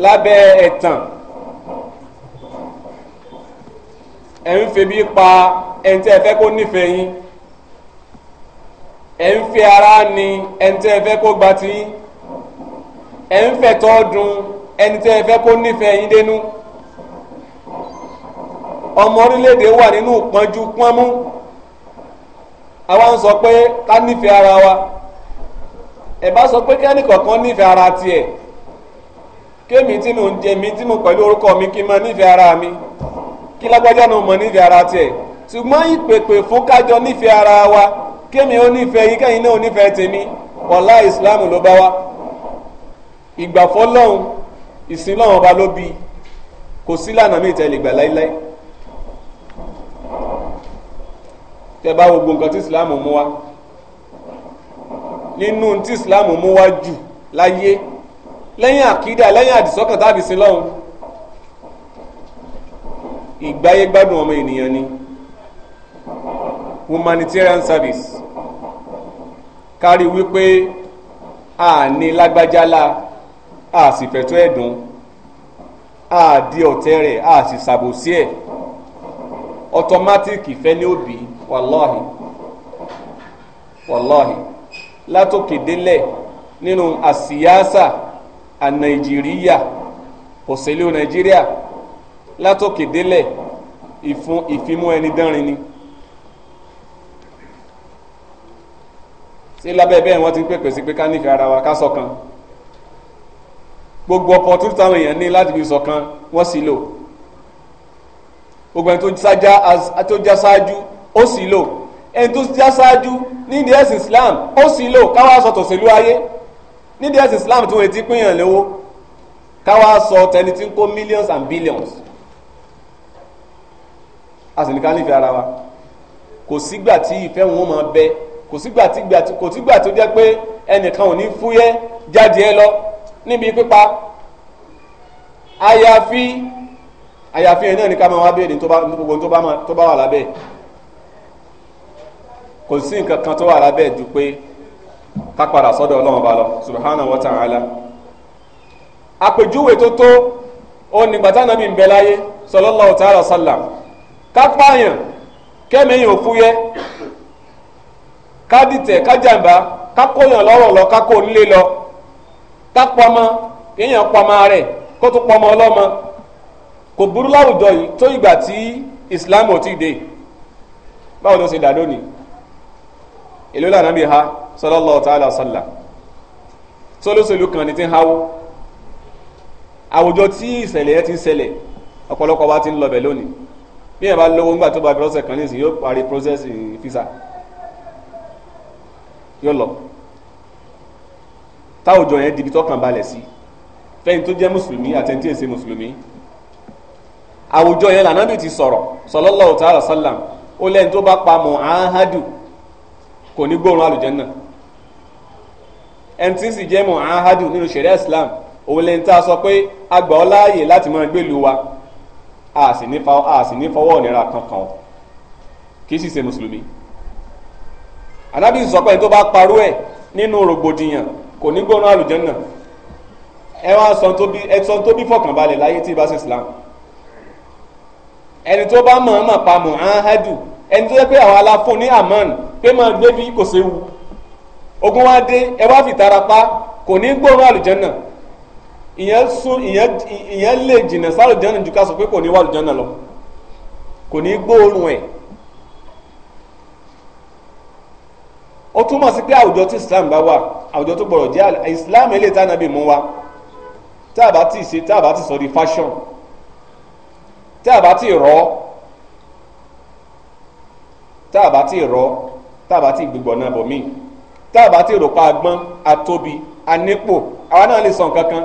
lábẹ́ ẹ̀tàn. E ẹ̀ ń febi pa ẹni tẹ́ ẹ fẹ́ kó nífẹ̀ẹ́ yín ń fi ara ni ẹni tẹ́ ẹ fẹ́ kó gba ti yín ẹ̀ ń fẹ̀tọ́ dùn ẹni tẹ́ ẹ fẹ́ kó nífẹ̀ẹ́ yín dénú ọmọ orílẹ̀-èdè wà nínú ìpọ́njú pọ́nmú àwa ń sọ pé ká nífẹ̀ẹ́ ara wa ẹ bá sọ pé kẹ́ni kọ̀ọ̀kan nífẹ̀ẹ́ ara tiẹ̀ kémi tí mò ń jẹ mi tí pẹ̀lú orúkọ mi kí n nífẹ̀ẹ́ ara mi kí lágbájá náà mọ̀ nífẹ̀ẹ́ ara tiẹ̀ ṣùgbọ́n ìpèpè fún kájọ nífẹ̀ẹ́ ara wa kémi ó nífẹ̀ẹ́ yín kẹ́yìn náà ó nífẹ̀ẹ́ tèmi ọ̀la ìsìláàmù ló bá wa ìgbàfọ́ lọ́hùn ìsìn lọ́hùn ọba ló bí kò sí lànà mí ìtẹ́lẹ̀ gbà láíláí tẹ́ bá gbogbo tí ìsìláàmù mú wa nínú tí ìsìláàmù mú wa jù láyé lẹ́yìn àkídà lẹ́yìn àdìsọ́kàn tàbí sí ìgbáyé gbádùn ọmọ ènìyàn ni humanitarian service kárí wípé a ní lágbájálá a sì fẹ̀tọ́ ẹ̀dùn a di ọ̀tẹ̀ rẹ̀ a sì ṣàbòsí ẹ̀ automatic ìfẹ́ ní òbí wàláhì wàláhì látòkè délẹ̀ nínú àsíyásà ànàìjíríyà òṣèlú nàìjíríà látòkè délẹ̀ ìfún ìfimú ẹni dánrin ni ṣé lábẹ́ bẹ́ẹ̀ wọ́n ti ń pèpè sí pé ká nífẹ̀ẹ́ ara wa ká ṣọ̀kan gbogbo opportunity táwọn èèyàn ní láti fi ṣọ̀kan wọ́n sì lò gbogbo ẹni tó já ṣáájú ó sì lò ẹni tó já ṣáájú nídìí ẹ̀sìn Islam ó sì lò káwá sọ tòṣèlú ayé nídìí ẹ̀sìn Islam tí wọ́n ti pínyàn lówó káwá sọ tẹni tí ń kó millions and billions a sì ní ká nífẹ̀ẹ́ ara wa kò sígbà tí ìfẹ́ wọn máa bẹ kò sígbà tí kò sígbà tó jẹ́ pé ẹnìkan ò ní fúyẹ́ jáde ẹ lọ níbi pípa àyàfi àyàfi ẹ̀ náà ní ká máa wá béèrè gbogbo tó bá wà lábẹ́ kò sí nǹkan kan tó wà lábẹ́ ju pé ká padà sọ́dọ̀ ọlọ́run ba lọ subhanahu wa ta'ala àpèjúwe tó tó ó nígbà táwọn náà ń bẹ láyé sallallahu ta'ala sallam. kápáyàn kẹ́mìíyàn fúyẹ́ kádìtẹ̀ kájàmbá kákóyàn lọ́rọ̀ lọ kákó nílé lọ kápọ́mọ kéèyàn pọ́mọ rẹ̀ kó tó pọ́mọ kò burú láwùjọ yìí tó ìgbà tí ìsìlámù ò tí dé báwo ló ṣe dà lónìí lànà bí ha sallallahu ta'ala sọlá kan ní ti ń àwùjọ tí yẹn ti ń bí ẹ bá lówó ńgbà tó bá fi lọ́sẹ̀ kan nísìnyí yóò parí processing fisa yóò lọ táwùjọ yẹn dibi tọkàn balẹ̀ sí tó jẹ́ mùsùlùmí àtẹ̀ntì èsè mùsùlùmí àwùjọ yẹn lànà bí ti sọ̀rọ̀ sallallahu ta'ala ó lẹ́ni tó bá kò ní ẹni tí sì Islam òun tá a sọ pé àgbà láàyè láti máa gbé lu a sì ní fọwọ́ a sì ní fọwọ́ ònira kankan kì í sì ṣe mùsùlùmí anábì sọ pé tó bá parú ẹ̀ nínú rògbòdìyàn kò ní gbóná àlùjànnà ẹ wá sọ tó bí ẹ sọ tó bí fọkànbalẹ̀ láyé tí ibà sí islam ẹni tó bá mọ̀ ọ́n mọ̀ pa mọ̀ án hádù ẹni tó yẹ pé àwọn aláfún ní amán pé máa gbé bí kò séwu ogun wa dé ẹ wá fìtara pa kò ní gbóná àlùjànnà ìyẹn sún ìyẹn lè jìnà sálùjánà ju ká sọ pé kò ní wàlùjánà lọ kò ní gbóòórùn ẹ̀ ó túmọ̀ sí pé àwùjọ tí islam bá wà àwùjọ tó gbọ́dọ̀ jẹ́ islam eléyìí tá nàbì mú wa tá a bá ti ṣe tá a bá ti sọ di fashion tá a bá ti rọ tá a bá ti rọ tá a bá ti gbígbọ́ náà bọ̀ míì tá a bá ti rò pa agbọ́n atóbi anípò àwa náà lè sọ nǹkan kan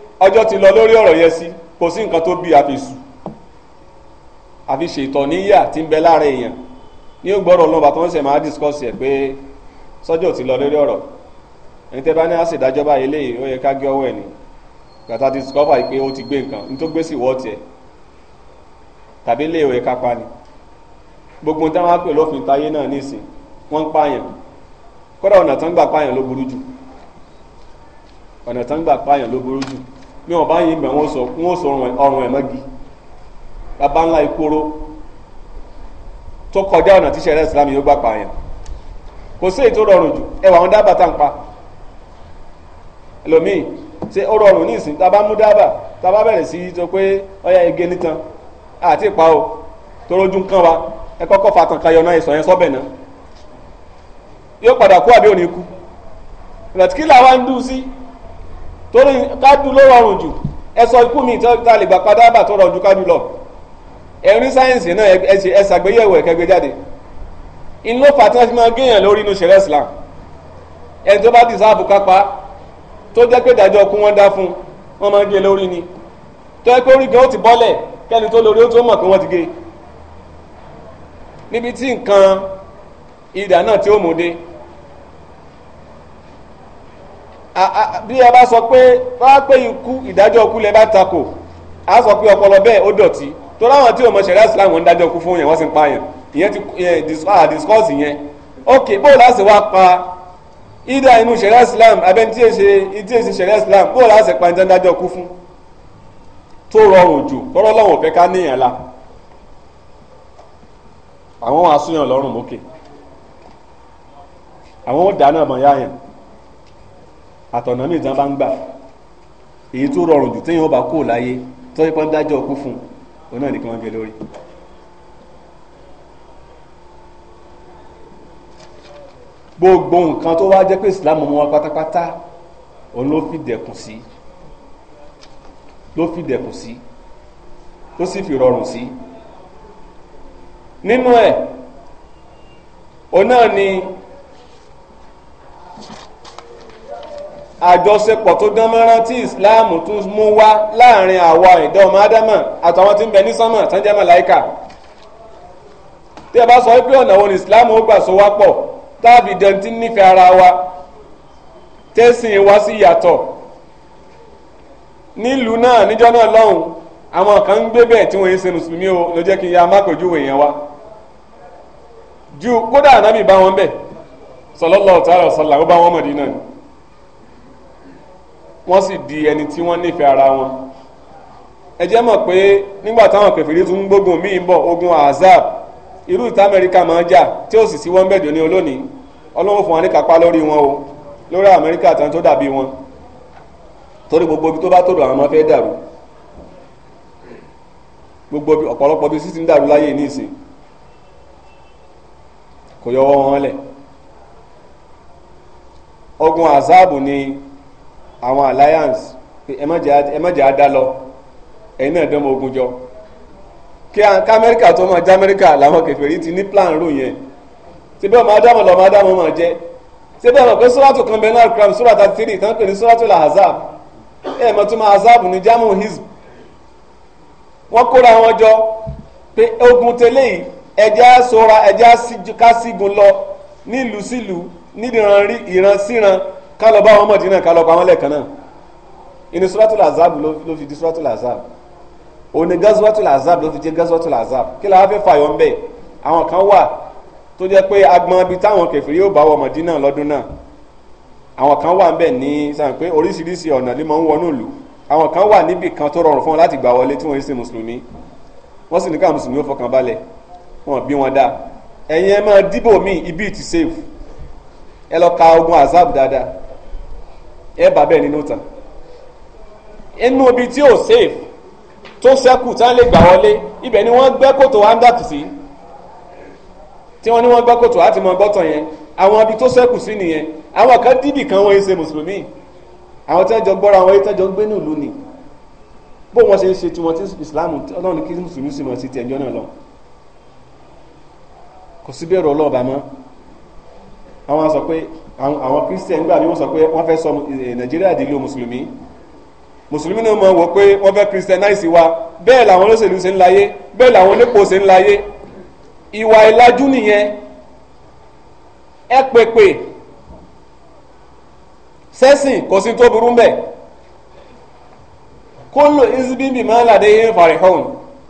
ọjọ́ ti lọ lórí ọ̀rọ̀ yẹn sí kò sí nǹkan tó bí a fi ṣètò níyà tí ń bẹ lára èèyàn ní o gbọ́dọ̀ lọ́ba tó ń máa ẹ̀ pé sọ́jọ́ ti lọ lórí ọ̀rọ̀ ẹni tẹ́ bá ní àṣèdájọ́ báyìí léyìí ó yẹ pé ó ti gbé nǹkan ní tó tàbí ó yẹ gbogbo pè lófin táyé náà nísìn wọ́n pààyàn kódà ọ̀nà tán gbà pààyàn ló burú jù ọ̀nà tán gbà pààyàn mi ò bá yín bẹ̀ wọ́n sọ wọ́n sọ ọrùn ẹ̀ mọ́gi bàbá ńlá ìkóró tó kọjá ọ̀nà tíṣẹ́ rẹ̀ sílámù yóò gbà pààyàn kò sí èyí tó rọrùn jù wà àwọn dábàá tá ń pa ṣe ó rọrùn ní ìsìn tábà mú dábàá tábà bẹ̀rẹ̀ sí sọ pé ọyá ege nítan àti ìpa o tó rojú wa ẹ kọ́kọ́ fa tàn kayọ̀ náà ìsọ̀ sọ́bẹ̀ náà yóò padà kú àbí òní kú kí làwọn ń dùn sí torí kájú ló rọrùn jù ẹ sọ ikú mi tá a lè gbà padà bà tó rọrùn ju kájú lọ ẹ̀rín sáyẹ̀nsì náà ẹ ṣàgbéyẹ̀wò ẹ̀kẹ́gbẹ́ jáde inú ló fà tí wọ́n fi máa géèyàn lórí inú ṣẹlẹ̀ Islam ẹni tó bá dìsáàbù kápá tó jẹ́ pé ìdájọ́ ọkùn wọn dá fún wọn máa gé e lórí ni tó yẹ pé orí gan ó ti bọ́lẹ̀ kẹ́ni tó lórí ó tó mọ̀ pé wọ́n ti gé e. níbi tí nǹkan ìdá náà tí ó mú dé bí ẹ bá sọ pé bá pé ikú ìdájọ́ ikú lẹ bá takò á sọ pé ọpọlọ bẹ́ẹ̀ ó dọ̀tí tó láwọn tí ò mọ ṣẹ̀ríà Islam ń dájọ́ ikú fún yẹn wọ́n sì ń pa yẹn ìyẹn ti discourse yẹn ok bóò láti wá pa ìdá inú ṣẹ̀ríà Islam abẹ́ tí èsì ṣẹ̀ríà Islam bóò láti pa ìjọba dájọ́ ikú fún tó rọrùn jù tọ́rọ́ lọ́wọ́ fẹ́ ká níyàn la àwọn àsúnyàn lọ́rùn mókè àwọn ó dáná mọ̀ yáyàn àtọ̀nà míì tán bá ń gbà èyí tó rọrùn jù téèyàn bá kó láyé tó yẹ pé ń dájọ́ kú fún un òun náà nìkan gé lórí. gbogbo nǹkan tó wá jẹ́ pé ìsìlámù mú wa pátápátá òun ló fi dẹ̀kùn sí ló fi dẹ̀kùn sí tó sì fi rọrùn sí nínú ẹ̀ òun náà ni. àjọṣepọ̀ tó dán mọ́rán tí islam tún mú wá láàrin àwa ìdán ọmọ ádámà àtàwọn tí ń bẹ ní sánmà tí ẹ bá sọ wípé ọ̀nà wo ni ó gbà sọ wá pọ̀ táàbì dantí ara wa tẹ́sìn wá sí yàtọ̀ nílùú náà níjọ́ náà lọ́hùn àwọn kan ń gbé ṣe mùsùlùmí o ló jẹ́ kí ya mákòjúwe yẹn wá. ju kódà bá wọn bẹ̀ ó bá wọ́n sì di ẹni tí wọ́n nífẹ̀ẹ́ ara wọn ẹ jẹ́ mọ̀ pé nígbà táwọn kèfèrí tún ń gbógun míì bọ̀ ogun azab irú ìta amẹ́ríkà máa ń jà tí ó sì sí wọ́n bẹ̀dọ̀ ní olónìí ọlọ́run fún wọn ní kápá lórí wọn o lórí amẹ́ríkà tán tó dàbí wọn torí gbogbo ibi tó bá tòrò àwọn ọmọ fẹ́ dàrú gbogbo ọ̀pọ̀lọpọ̀ bí sísìn dàrú láyé ní kò yọwọ́ wọn lẹ̀ ogun azab ni. àwọn alliance ẹ má jẹ́ àdá lọ ẹ̀yin náà dánmọ ogun jọ kí amẹ́ríkà tó máa jẹ́ amẹ́ríkà làwọn kèfèrí ti ní plan rò yẹn ṣé bẹ́ẹ̀ máa dámọ̀ lọ́ọ́ máa dámọ̀ máa jẹ́ ṣé bẹ́ẹ̀ mọ̀ pé sọ́ràtò kan bẹ́ẹ̀ náà kram sọ́ràtà tírì tán pè ní sọ́ràtò làhazab ẹ̀ mọ̀ tó máa hazab ní jamu hizb wọ́n kóra wọn jọ pé ogun tẹ́lẹ̀ yìí ẹja sọ́ra ẹja kásígun lọ nílùú sílùú nídìí ìran síran ká lọ bá wọn Mọdínà ká lọ pa wọn lẹ́ẹ̀kan náà inú suratul azab ló fi di suratul azab òní gazwatul azab ló fi jẹ gazwatul azab kí la wá fẹ́ fàyọ ń bẹ̀ àwọn kan wà tó jẹ́ pé agbọn ibi táwọn kẹfìrí yóò bá wọ Mọdínà lọ́dún náà àwọn kan wà ń bẹ̀ ní sàn pé oríṣiríṣi ọ̀nà lè máa ń wọnú ìlú àwọn kan wà níbì kan tó rọrùn fún wọn láti gbà wọlé tí wọn yìí ṣe mùsùlùmí wọn sì ní ká mùsùlùmí ó fọkàn balẹ̀ wọn bí wọn dá ẹ̀yin ẹ máa dìbò míì ibi ti save ẹ lọ ka ogun azab dáadáa ẹ bà bẹ́ẹ̀ nínú tán inú ibi tí ò safe tó sẹ́kù tí wọ́n lè gbà wọlé ibẹ̀ ni wọ́n gbẹ́ kòtò handak sí tí wọ́n ní wọ́n gbẹ́ kòtò láti mọ gbọ́tàn yẹn àwọn ibi tó sẹ́kù sí nìyẹn àwọn kan dìbì kan wọ́n ṣe mùsùlùmí àwọn tí wọ́n jọ gbọ́ra àwọn tí wọ́n jọ gbé ní ìlú ni bó wọ́n ṣe ń ṣe tí wọ́n ti ìsìláàmù ọlọ́run kí mùsùlùmí sì mọ̀ sí ti ẹ̀jọ́ náà lọ kò sí bẹ́ẹ̀ rọ ọlọ́ọ̀bà mọ́ àwọn sọ pé àwọn christian gbà bí wọ́n sọ pé wọ́n fẹ́ sọ eh, nàìjíríà di ìlú mùsùlùmí mùsùlùmí náà mọ̀ wọ́n pé wọ́n fẹ́ christianize wa bẹ́ẹ̀ làwọn olóṣèlú ṣe ń láyé bẹ́ẹ̀ làwọn onípò ṣe ń láyé ìwà ìlàjú nìyẹn ẹ pèpè sẹ́sìn kò sí tó burú mbẹ̀ kólò ìsibíbi máa ń làdé yín fàrihàn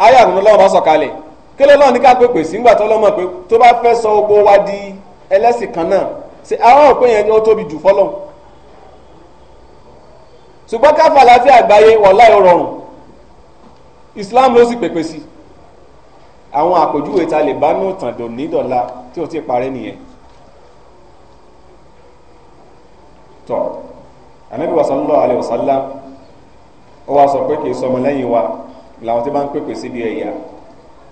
ayé àwọn ọlọ́run bá sọ̀kalẹ̀ kí lọ́lọ́run ní ká pèpè sígbà tó lọ́mọ pé tó bá fẹ́ sọ gbogbo wa di ẹlẹ́sìn kan náà ṣe àwọn òpin yẹn ni ó tóbi jù fọlọ́ ṣùgbọ́n káfà àlàáfíà àgbáyé wọ̀lá ẹ̀ rọrùn Islam ló sì pèpè sí àwọn àpèjúwe ta lè bá ní òtàndò nídọ̀la tí ò ti parẹ́ nìyẹn tọ́ Ànábì sallallahu alaihi wasallam ó wá sọ pé kì í sọmọ lẹ́yìn wa làwọn tí bá ń pèpè síbi ẹ̀yà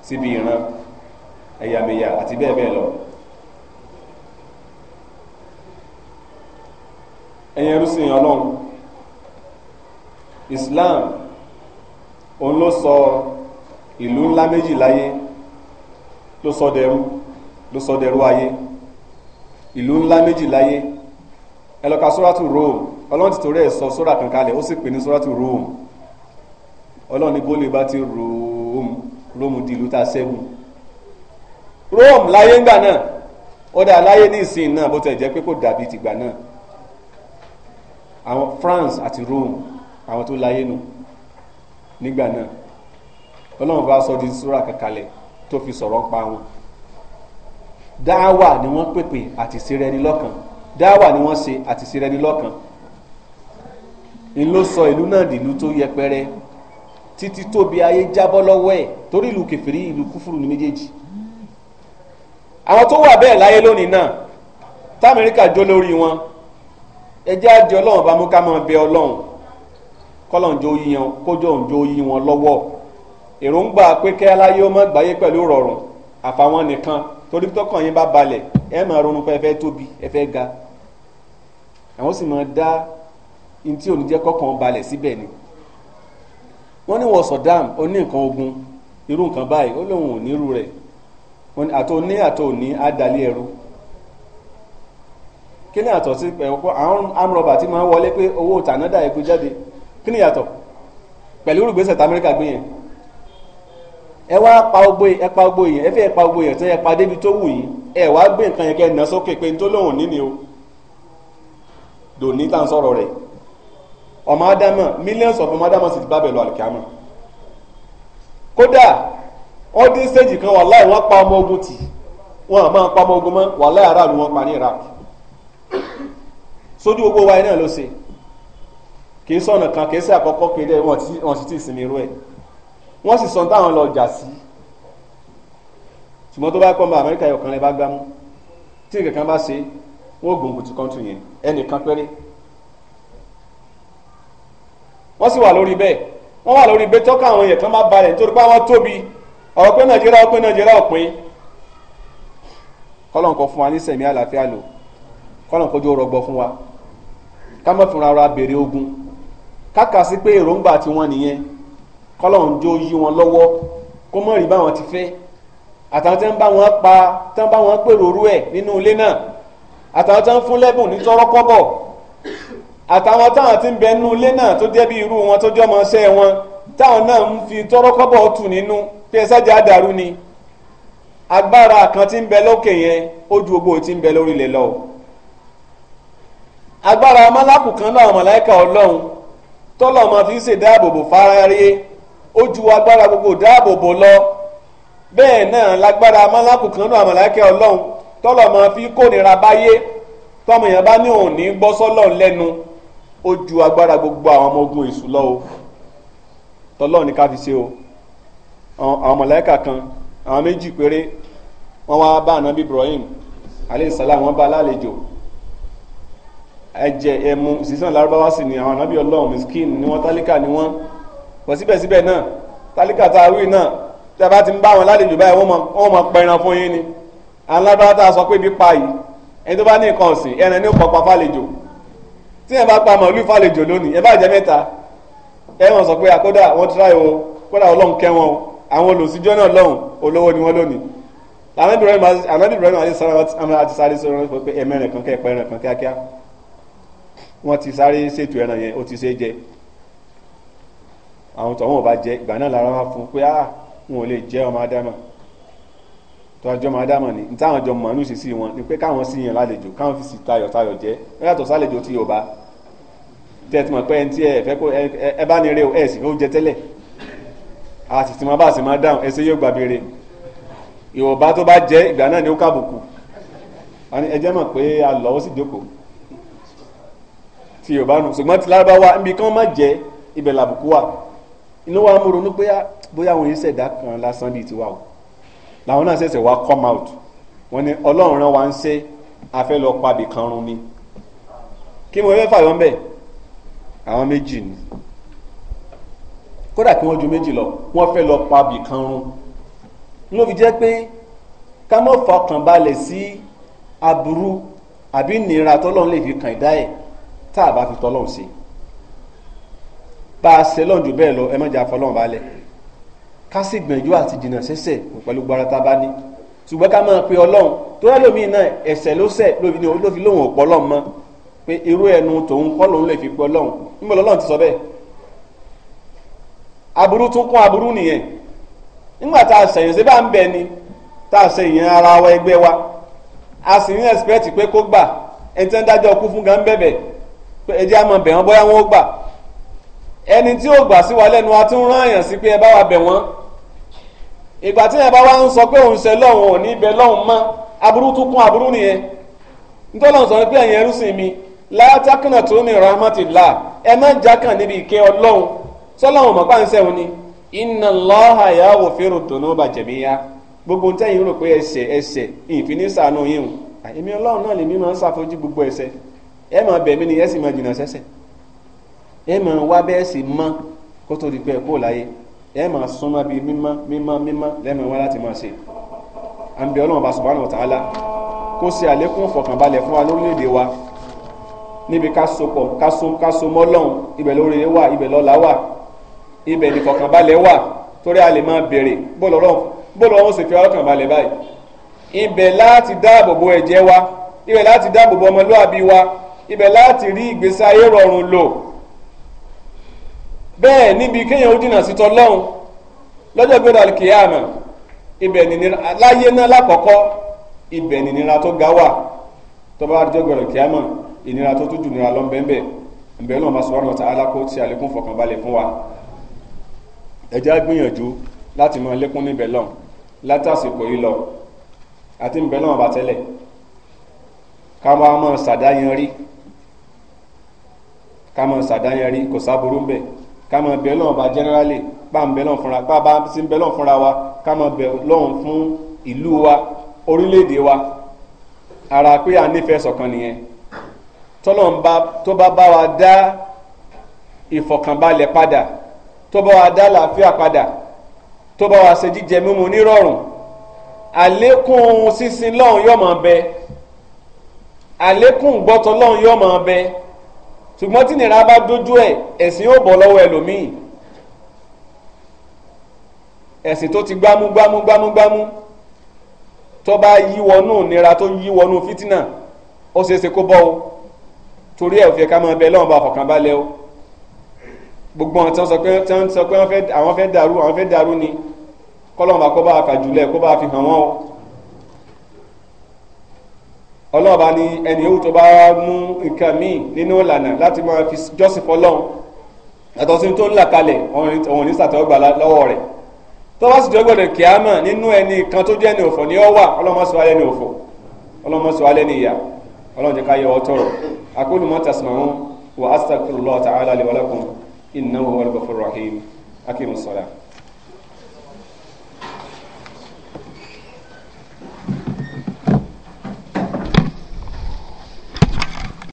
síbi ìran ẹ̀yàmẹ̀yà àti bẹ́ẹ̀ bẹ́ẹ̀ lọ. ẹ̀yin ẹrúsìn ọlọ́run Islam òun ló sọ ìlú ńlá méjì láyé ló sọ dẹrú ló sọ dẹrú ayé ìlú ńlá méjì láyé ẹ lọ ka sóràtù Rome ọlọ́run ti torí ẹ̀ sọ sóra kan kalẹ̀ ó sì pè ní sóràtù Rome ọlọ́run ní bólè bá ti Rome Rome di ìlú tá a Rome láyé ńgbà náà ó dà láyé ní ìsìn náà bó tẹ̀ jẹ́ pé kò dàbí tìgbà náà àwọn France àti Rome àwọn tó láyé nù nígbà náà ọlọ́run bá sọ di sura kankalẹ̀ tó fi sọ̀rọ̀ pa wọn dáwà ni wọ́n pèpè àti sírẹ́ni lọ́kàn dáwà ni wọ́n ṣe àti sírẹ́ni lọ́kàn ń ló sọ ìlú náà dìlú tó yẹpẹrẹ títí tóbi ayé jábọ́ lọ́wọ́ ẹ̀ torí ìlú kẹfìrí ìlú kúfúrú ní méjèèjì àwọn tó wà bẹ́ẹ̀ láyé lónìí náà tá Amẹ́ríkà jó lórí wọn ẹ jẹ́ àdí ọlọ́run bá mú ká máa bẹ ọlọ́run kọ́lọ́n jó yí wọn kójọ́ òun jó yí wọn lọ́wọ́ èròǹgbà pé kẹ́ aláyé ó má gbáyé pẹ̀lú rọrùn àfàwọn nìkan torí tọkàn yín bá balẹ̀ ẹ máa ronú pé ẹ fẹ́ tóbi ẹ fẹ́ ga àwọn sì máa dá ní tí òun jẹ́ kọ́kàn balẹ̀ síbẹ̀ ni wọ́n ní wọ́n sọ̀dáàm ó nǹkan ogun irú nǹkan báyìí ó lóun ò nírú rẹ̀ àtò ní àtò ní á ẹrú kí ni àtọ̀ sí ẹ̀wọ̀pọ̀ àwọn amúrọ̀bà tí máa ń wọlé pé owó tànádà epo jáde kí ni yàtọ̀ pẹ̀lú olùgbèsè tamẹ́ríkà gbé yẹn ẹ wá pa ogbó ẹ pa ogbó yẹn ẹ fẹ́ pa ogbó yẹn tẹ́ ẹ pa débi tó wù yín ẹ wá gbé nǹkan yẹn kẹ́ ẹ nà n níní o dòní tá à ń sọ̀rọ̀ rẹ̀ ọmọ ádámà millions of ọmọ ádámà sì ti bá bẹ̀ lọ kódà stage kan wà láì wọ́n pa sójú gbogbo wa náà ló ṣe kì í sọ̀nà kan kì í ṣe àkọ́kọ́ kéde wọn sì ti sinmi irú ẹ̀ wọ́n sì sọ táwọn lọ jà sí ṣùgbọ́n tó bá pọ́nba Amẹ́ríkà yóò kan lè bá gbámú tí nǹkan kan bá ṣe wọ́n gùn kùtù kọ́ńtù yẹn ẹnìkan péré wọ́n sì wà lórí bẹ́ẹ̀ wọ́n wà lórí bẹ́ẹ̀ tọ́ka àwọn èèyàn kan bá balẹ̀ nítorí pé àwọn tóbi ọ̀rọ̀ pé Nàìjíríà ọ̀pẹ́ Nàìjíríà ọ̀pẹ́ kọ́lọ́nkọ́ fún wa ní sẹ̀mí àlàáfíà lò kọ́nà kójú rọgbọ fún wa ká má fúnra ra béèrè ogun káka sí pé èròǹgbà tiwọn nìyẹn kọ́lọ̀n jọ yí wọn lọ́wọ́ kó mọ̀ rí ti fẹ́ àtàwọn tí wọ́n bá wọn pa tí wọ́n bá wọn pèrò orú ẹ̀ nínú ilé náà àtàwọn tí wọ́n fún lẹ́bùn ní àtàwọn ti bẹ nínú náà tó jẹ́ bí wọn tó jọ́ wọn táwọn náà ń fi tù nínú ẹ ni agbára kan ti ń bẹ lókè yẹn gbogbo ti ń bẹ lọ agbára mọ́lákù kan náà mọ̀láìka ọlọ́run tọ́lọ̀ máa fi ń ṣe dáàbòbò fáráyé ó ju agbára gbogbo dáàbòbò lọ bẹ́ẹ̀ náà lágbára mọ́lákù kan náà mọ̀láìka ọlọ́run tọ́lọ̀ máa fi kónira báyé tọ́mọ èèyàn bá ní òní gbọ́ sọ́lọ̀ lẹ́nu ó ju agbára gbogbo àwọn ọmọ ogun èṣù lọ o tọ́lọ̀ ní ká fi ṣe o àwọn mọ̀láìka kan àwọn méjì péré wọ́n wá bá ànábì Ibrahim aleyhisalaam wọ́n bá alálejò ẹ̀jẹ̀ ẹ̀mu sísan lárúbáwá sì ni àwọn ànábì ọlọ́run miskin ni wọ́n tálíkà ni wọ́n pọ̀ síbẹ̀síbẹ̀ náà tálíkà tá a wí náà tí a bá ti ń bá wọn lálejò báyìí wọ́n mọ̀ pẹran fún yín ni àwọn lárúbáwá tá a sọ pé ibi pa yìí ẹni tó bá ní nǹkan ọ̀sìn ẹran ní ó pọpa fàlejò tí ẹ bá pa màálù fàlejò lónìí ẹ bá jẹ mẹ́ta ẹ wọn sọ pé àkódà wọn tíráì o kódà ọlọ́run kẹ́ wọn o àwọn olùsíjọ́ náà lọ́hùn olówó ni wọ́n lónìí ànábì Ibrahim àti sáré sọ̀rọ̀ pé ẹ̀mẹ́rin kan kẹ́ ẹ̀pẹ́rin kan kíákíá wọ́n ti sáré ṣètò ẹran yẹn ó ti ṣe jẹ àwọn tọ̀wọ́n ò bá jẹ ìgbà náà lára wá fún pé ah wọn ò lè jẹ ọmọ ádámà tọ́jọ́ máa dámọ̀ ní táwọn jọ mọ̀ọ́nù sí sí wọn ni pé káwọn sì yàn lálejò káwọn fi sì tayọ̀tayọ̀ jẹ́ wọ́n yàtọ̀ sálejò tí yorùbá tẹ́ ti mọ̀ pé ẹni tí ẹ fẹ́ kó ẹ bá ní re o ẹ sì kó jẹ tẹ́lẹ̀ àti tí wọn bá sì máa dáhùn ẹsẹ yóò gbà béèrè yorùbá tó bá jẹ́ ìgbà náà ni ó kàbùkù ẹ jẹ́ mọ̀ pé alọ́ ó sì jókòó ti yorùbá nù ṣùgbọ́n ti lárúbáwá níbi kí wọ́n má jẹ́ ibẹ̀ làbùkù wà inú wa mo ronú pé ah, bóyá àwọn oníṣẹ̀dá kan lásán bíi tiwa o làwọn náà ṣẹ̀ṣẹ̀ wá come out wọ́n ní ọlọ́run rán wa ń ṣe afẹ́ lọ pabì kan run ni kí mo fẹ́ fàyọ́ mbẹ́ àwọn méjì ni kódà kí wọ́n ju méjì lọ wọ́n fẹ́ lọ pabì kan run ló fi jẹ́ pé ká mọ́ fọkàn balẹ̀ sí aburú àbí ìnira tọ́lọ́run lè fi kàn dá ẹ̀ tá a bá fi tọ́lọ́hún sí bá a ṣe lọ́njú bẹ́ẹ̀ lọ ẹ má jà fọlọ́hún balẹ̀ ká sì gbìyànjú àti dìnà sẹ́sẹ̀ pẹ̀lú gbára tá a bá ní ṣùgbọ́n ká máa pe ọlọ́run tó rẹ́ lómi náà ẹ̀sẹ̀ ló sẹ̀ lóbi ní o ló fi lóhùn ọ̀pọ̀ ọlọ́run mọ́ pé irú ẹnu tòun kọ́ lòun lè fi pe ọlọ́run níbo lọ́lọ́run ti sọ bẹ́ẹ̀ aburú tún kún aburú nìyẹn nígbà tá a ṣẹ̀yìn sí bá ń bẹ ni tá a ṣe ìyẹn ara wa ẹgbẹ́ wa a sì ní ẹ̀sìpẹ́ẹ̀tì pé kó gbà ẹni tí wọ́n dájọ́ kú fún gan bẹ̀bẹ̀ eji a jẹ́ àmọ́ bẹ̀ wọ́n bóyá wọ́n ó gbà ẹni tí ó gbà sí wa lẹ́nu wa tún rán àyàn sí pé ẹ bá wa bẹ̀ wọ́n ìgbà tí ẹ bá wa ń sọ pé òun ṣe lọ́hùn ò ní lọ́hùn mọ́ aburú tún kún aburú nìyẹn ntọ́lọ́hùn sọ pé ẹ̀yin ẹrúsìn mi látàkùnà tó ní rahmatillah ẹ má jákàn níbi ìkẹ́ ọlọ́hun sọlọ́hùn mọ̀ pàǹsẹ̀ òní inna Allaha yaghfiru dhunuba jami'a gbogbo ntẹ́yìn rò pé ẹ̀ṣẹ̀ ẹ̀ṣẹ̀ ìfinísàánú yìí hù èmi ọlọ́run náà gbogbo ẹ̀ṣẹ̀ ẹ máa bẹ̀mí ni ẹ sì máa jìnnà sẹ́sẹ̀ ẹ máa wá bẹ́ẹ̀ sì mọ́ kó tó di pé ẹ kó láyé ẹ máa súnmọ́ bíi mímọ́ mímọ́ mímọ́ lẹ́mọ̀ wá láti máa ṣe à ń bẹ ọlọ́run bá subhanahu wa ta'ala kó ṣe àlékún ìfọ̀kànbalẹ̀ fún wa lórílẹ̀‐èdè wa níbi ká so pọ̀ ká so ká so mọ́ lọ́hùn ibẹ̀ lórí wà ibẹ̀ lọ́la wà ibẹ̀ nìfọ̀kànbalẹ̀ wà torí a lè máa bèrè bó lọ́rọ̀ ó sì ibẹ̀ láti rí ìgbésí ayé rọrùn lò bẹ́ẹ̀ níbi kéèyàn ó dìnà sí tọlọ́hun lọ́jọ́ gbéra kìíyàmà ibẹ̀ nìnira láyé náà lákọ̀ọ́kọ́ ibẹ̀ nìnira tó ga wà tọ́ba àdìjọ́ gbéra kìíyàmà ìnira tó tún jù nira lọ bẹ́ẹ̀ bẹ́ẹ̀ náà subhanahu wa ta'ala kó ti àlékún fọkànbalẹ̀ fún wa ẹ jẹ́ gbìyànjú láti mọ lékún níbẹ̀ lọ látàsìkò yìí lọ àti níbẹ̀ náà bàtẹ́lẹ̀ ká máa mọ̀ ṣàdáyanrí Kama máa ṣàdáyanrí kò sáburú ń bẹ ká máa bẹ lọ́wọ́n bá jẹ́nẹ́rálì bá ń bẹ lọ́wọ́n fúnra bá bá sí ń bẹ lọ́wọ́n fúnra wa ká bẹ lọ́wọ́n fún ìlú wa orílẹ̀ wa ara pé à nífẹ̀ẹ́ ṣọ̀kan nìyẹn tọ́lọ́mbà tó bá bá wa dá ìfọ̀kànbalẹ̀ padà tó bá wa dá làáfíà padà tó bá wa ṣe jíjẹ mímu nírọ̀rùn àlékún sísin lọ́hùn yọ̀mọ̀ bẹ àlékún gbọ́tọ̀ lọ́hùn yọ̀mọ̀ bẹ ṣùgbọ́n tí nira bá dójú ẹ̀ ẹ̀sìn yóò bọ̀ lọ́wọ́ ẹlòmíì ẹ̀sìn tó ti gbámú gbámú gbámú gbámú tó bá yí wọnú nira tó yí wọnú fítínà ó ṣeé ṣe kó bọ́ o torí ẹ̀ òfin ká máa bẹ lọ́wọ́ bá fọkànbalẹ̀ o gbogbo àwọn tí wọ́n sọ pé àwọn fẹ́ dàrú ni kọ́lọ́mù bá kó bá fàjùlẹ̀ kó bá fi hàn wọ́n o ọlọ́ọ̀bá ni ẹni yòówù tó bá mú nǹkan míì nínú ìlànà láti máa fi jọ́sìn fọlọ́run yàtọ̀ sí tó ń là kalẹ̀ òun ní sàtẹ́wọ́gbà lọ́wọ́ rẹ̀ tó bá sì jọ́gbọ̀dọ̀ kíámà nínú ẹni kan tó jẹ́ ẹni òfò ni ó wà ọlọ́mọsọ alẹ́ ni òfò ọlọ́mọsọ alẹ́ ni ìyà ọlọ́jọ́ ká yẹ ọ tọrọ aqulu ma tasma'un wa astaghfirullah ta'ala li wa lakum innahu huwal ghafurur rahim akimus salah.